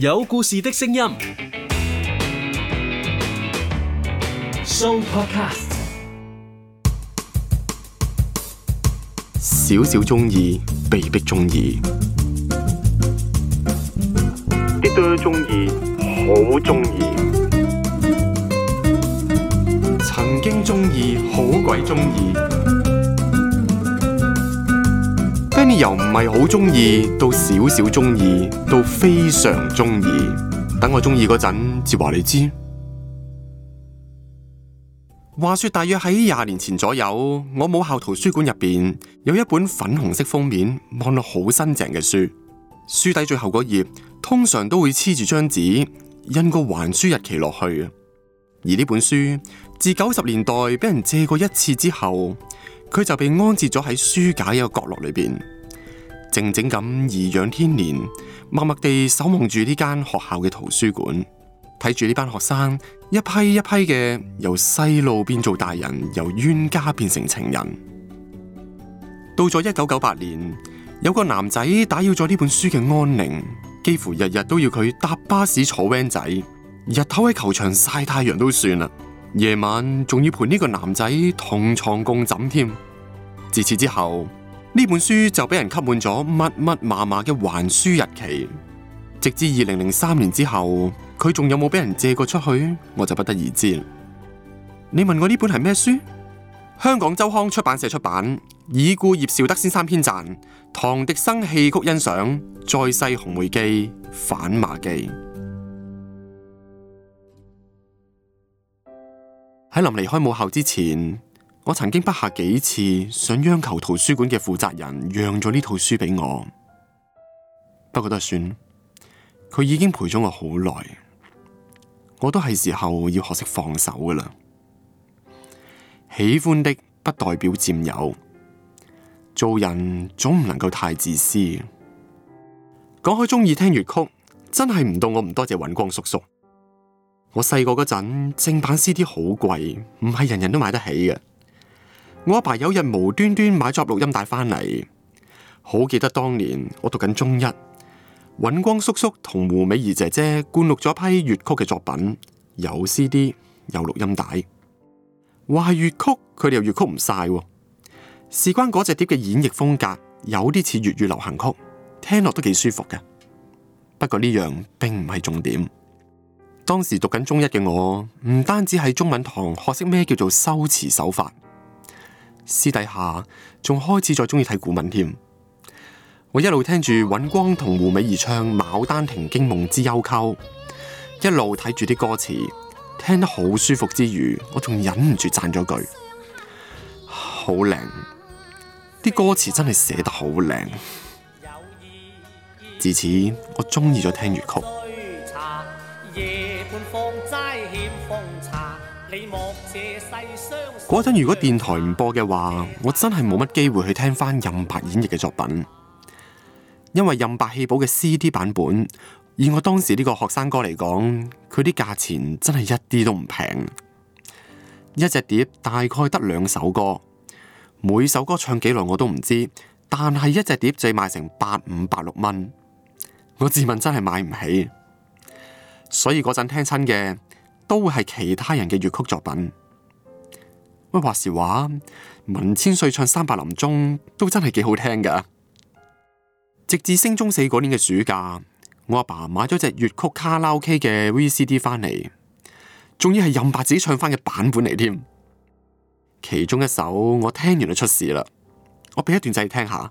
有故事的聲音，Show Podcast，少少中意，被迫中意，啲啲都中意，好中意，曾經中意，好鬼中意。由唔係好中意到少少中意到非常中意，等我中意嗰陣至話你知。話說大約喺廿年前左右，我母校圖書館入邊有一本粉紅色封面，望落好新淨嘅書，書底最後嗰頁通常都會黐住張紙，印個還書日期落去。而呢本書自九十年代俾人借過一次之後，佢就被安置咗喺書架一個角落裏邊。靜靜咁頤養天年，默默地守望住呢間學校嘅圖書館，睇住呢班學生一批一批嘅由細路變做大人，由冤家變成情人。到咗一九九八年，有個男仔打擾咗呢本書嘅安寧，幾乎日日都要佢搭巴士坐 van 仔，日頭喺球場曬太陽都算啦，夜晚仲要陪呢個男仔同床共枕添。自此之後。呢本書就俾人吸滿咗密密麻麻嘅還書日期，直至二零零三年之後，佢仲有冇俾人借過出去，我就不得而知。你問我呢本係咩書？香港周刊出版社出版，已故葉紹德先生編撰，唐迪生戲曲欣賞，再世紅梅記，反馬記。喺臨離開母校之前。我曾經不下幾次想央求圖書館嘅負責人讓咗呢套書俾我，不過都算，佢已經陪咗我好耐，我都係時候要學識放手噶啦。喜歡的不代表佔有，做人總唔能夠太自私。講開中意聽粵曲，真係唔到我唔多謝尹光叔叔。我細個嗰陣正版 CD 好貴，唔係人人都買得起嘅。我阿爸，爸有日無端端買咗錄音帶翻嚟，好記得當年我讀緊中一，尹光叔叔同胡美儀姐姐灌錄咗一批粵曲嘅作品，有 CD，有錄音帶。話係粵曲，佢哋又粵曲唔晒。事關嗰隻碟嘅演繹風格，有啲似粵語流行曲，聽落都幾舒服嘅。不過呢樣並唔係重點。當時讀緊中一嘅我，唔單止喺中文堂學識咩叫做修辭手法。私底下仲開始再中意睇古文添，我一路聽住尹光同胡美儀唱《牡丹亭驚夢之幽媾》，一路睇住啲歌詞，聽得好舒服之餘，我仲忍唔住讚咗句：好靚！啲歌詞真係寫得好靚。自此，我中意咗聽粵曲。 嗰陣 如果電台唔播嘅話，我真係冇乜機會去聽翻任白演繹嘅作品，因為任白戲寶嘅 CD 版本，以我當時呢個學生哥嚟講，佢啲價錢真係一啲都唔平，一隻碟大概得兩首歌，每首歌唱幾耐我都唔知，但係一隻碟就要賣成八五八六蚊，我自問真係買唔起，所以嗰陣聽親嘅。都會係其他人嘅粵曲作品。喂，話時話，文千歲唱《三百林鐘》都真係幾好聽噶。直至升中四嗰年嘅暑假，我阿爸，爸買咗隻粵曲卡拉 OK 嘅 VCD 翻嚟，仲要係任白自己唱翻嘅版本嚟添。其中一首我聽完就出事啦，我俾一段仔聽下。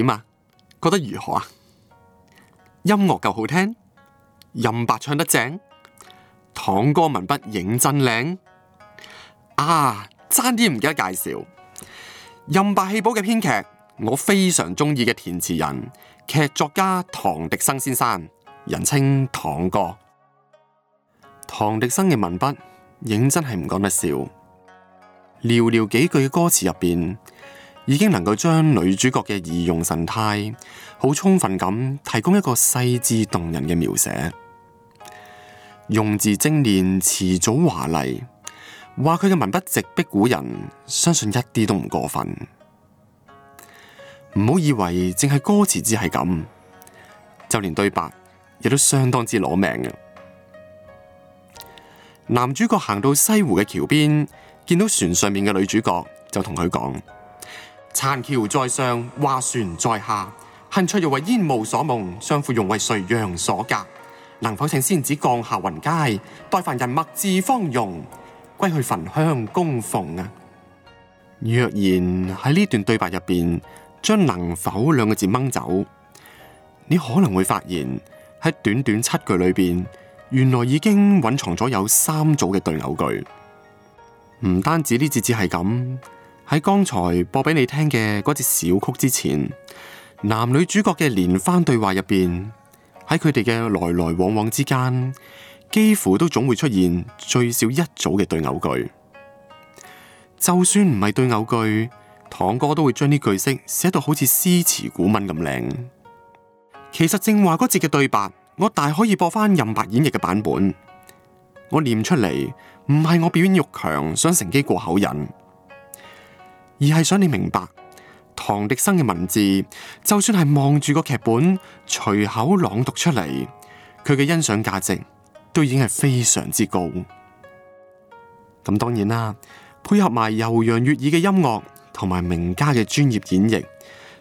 點啊？覺得如何啊？音樂夠好聽，任白唱得正，唐哥文筆認真靚啊！差啲唔記得介紹任白戲寶嘅編劇，我非常中意嘅填詞人、劇作家唐迪生先生，人稱唐哥。唐迪生嘅文筆認真係唔講得笑，寥寥幾句嘅歌詞入邊。已經能夠將女主角嘅儀容神態好充分咁提供一個細緻動人嘅描寫用字，用字精煉，詞藻華麗，話佢嘅文筆直逼古人，相信一啲都唔過分。唔好以為淨係歌詞只係咁，就連對白亦都相當之攞命嘅。男主角行到西湖嘅橋邊，見到船上面嘅女主角就跟說，就同佢講。殘橋在上，畫船在下。恨翠又為煙霧所蒙，相護容為垂楊所隔，能否請仙子降下雲階，待凡人物治芳容，歸去焚香供奉啊？若然喺呢段對白入邊，將能否兩個字掹走，你可能會發現喺短短七句裏邊，原來已經蘊藏咗有三組嘅對偶句。唔單止呢節只係咁。喺剛才播俾你聽嘅嗰節小曲之前，男女主角嘅連番對話入邊，喺佢哋嘅來來往往之間，幾乎都總會出現最少一組嘅對偶句。就算唔係對偶句，唐哥都會將啲句式寫到好似詩詞古文咁靚。其實正話嗰節嘅對白，我大可以播翻任白演繹嘅版本。我念不出嚟，唔係我表演欲強，想乘機過口癮。而係想你明白，唐滌生嘅文字，就算係望住個劇本，隨口朗讀出嚟，佢嘅欣賞價值都已經係非常之高。咁當然啦，配合埋悠揚悅耳嘅音樂同埋名家嘅專業演繹，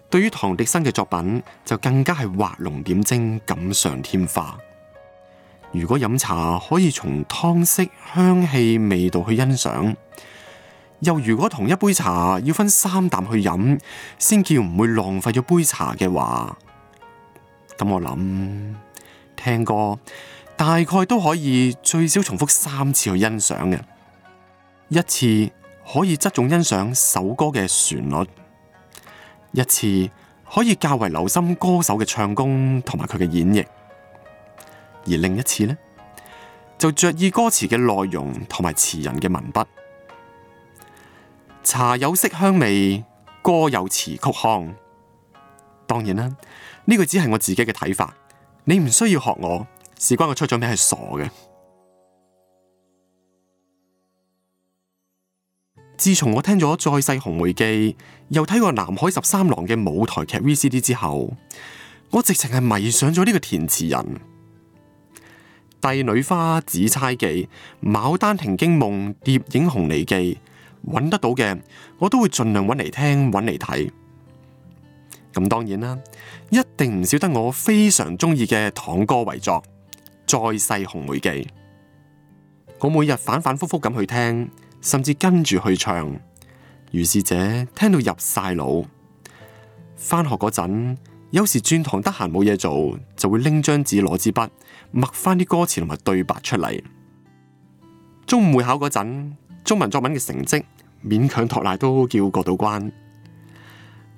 對於唐滌生嘅作品就更加係畫龍點睛、錦上添花。如果飲茶可以從湯色、香氣、味道去欣賞。又如果同一杯茶要分三啖去飲，先叫唔會浪費咗杯茶嘅話，咁我諗，聽歌大概都可以最少重複三次去欣賞嘅。一次可以側重欣賞首歌嘅旋律，一次可以較為留心歌手嘅唱功同埋佢嘅演繹，而另一次呢，就着意歌詞嘅內容同埋詞人嘅文筆。茶有色香味，歌有詞曲腔。當然啦，呢個只係我自己嘅睇法，你唔需要學我。事關我出咗名係傻嘅。 自從我聽咗《再世紅梅記》，又睇過《南海十三郎》嘅舞台劇 VCD 之後，我直情係迷上咗呢個填詞人。帝女花、紫釵記、牡丹亭、驚夢、蝶影、紅梨記。揾得到嘅，我都會盡量揾嚟聽，揾嚟睇。咁當然啦，一定唔少得我非常中意嘅唐哥遺作《再世紅梅記》。我每日反反复复咁去聽，甚至跟住去唱。如是者聽到入晒腦，返學嗰陣，有時轉堂得閒冇嘢做，就會拎張紙攞支筆，默翻啲歌詞同埋對白出嚟。中五會考嗰陣，中文作文嘅成績勉強托賴都叫過到關，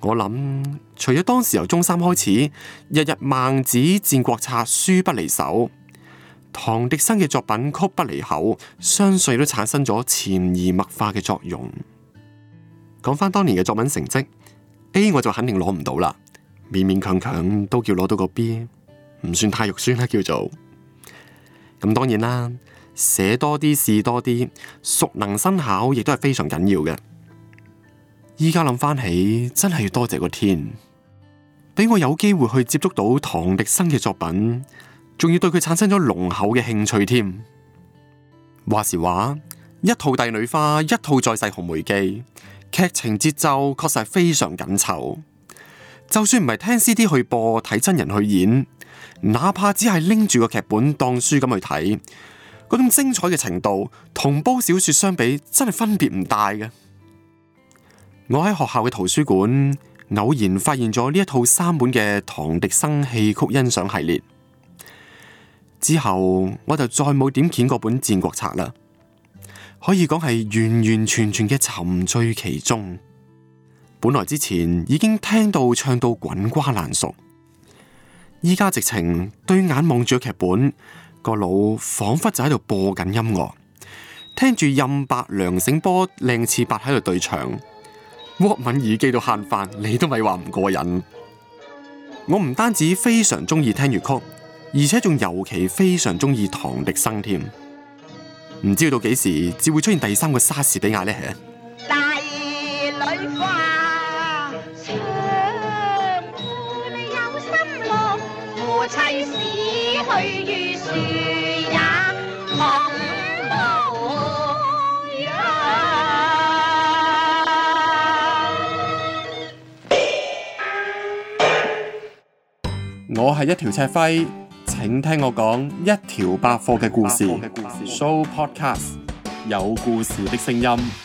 我諗除咗當時由中三開始，日日孟子、戰國策書不離手，唐滌生嘅作品曲不離口，相信都產生咗潛移默化嘅作用。講翻當年嘅作文成績，A 我就肯定攞唔到啦，勉勉強強都叫攞到個 B，唔算太肉酸啦，叫做咁，當然啦。寫多啲，試多啲，熟能生巧，亦都係非常緊要嘅。依家諗翻起，真係要多謝個天，俾我有機會去接觸到唐滌生嘅作品，仲要對佢產生咗濃厚嘅興趣添。話時話，一套帝女花，一套再世紅梅記，劇情節奏確實係非常緊湊。就算唔係聽 CD 去播，睇真人去演，哪怕只係拎住個劇本當書咁去睇。嗰種精彩嘅程度，同煲小說相比，真係分別唔大嘅。我喺學校嘅圖書館偶然發現咗呢一套三本嘅唐迪生戲曲欣賞系列，之後我就再冇點見過本戰國策啦。可以講係完完全全嘅沉醉其中。本來之前已經聽到唱到滾瓜爛熟，依家直情對眼望住個劇本。那個腦仿佛就喺度播緊音樂，聽住任伯、梁醒波、靚次伯喺度對唱，Walkman 耳機都慳飯，你都咪話唔過癮。我唔單止非常鍾意聽粵曲，而且仲尤其非常鍾意唐滌生添。唔知道到幾時，至會出現第三個莎士比亞呢？我係一條赤輝，請聽我講一條百貨嘅故，故事。Show Podcast，有故事的聲音。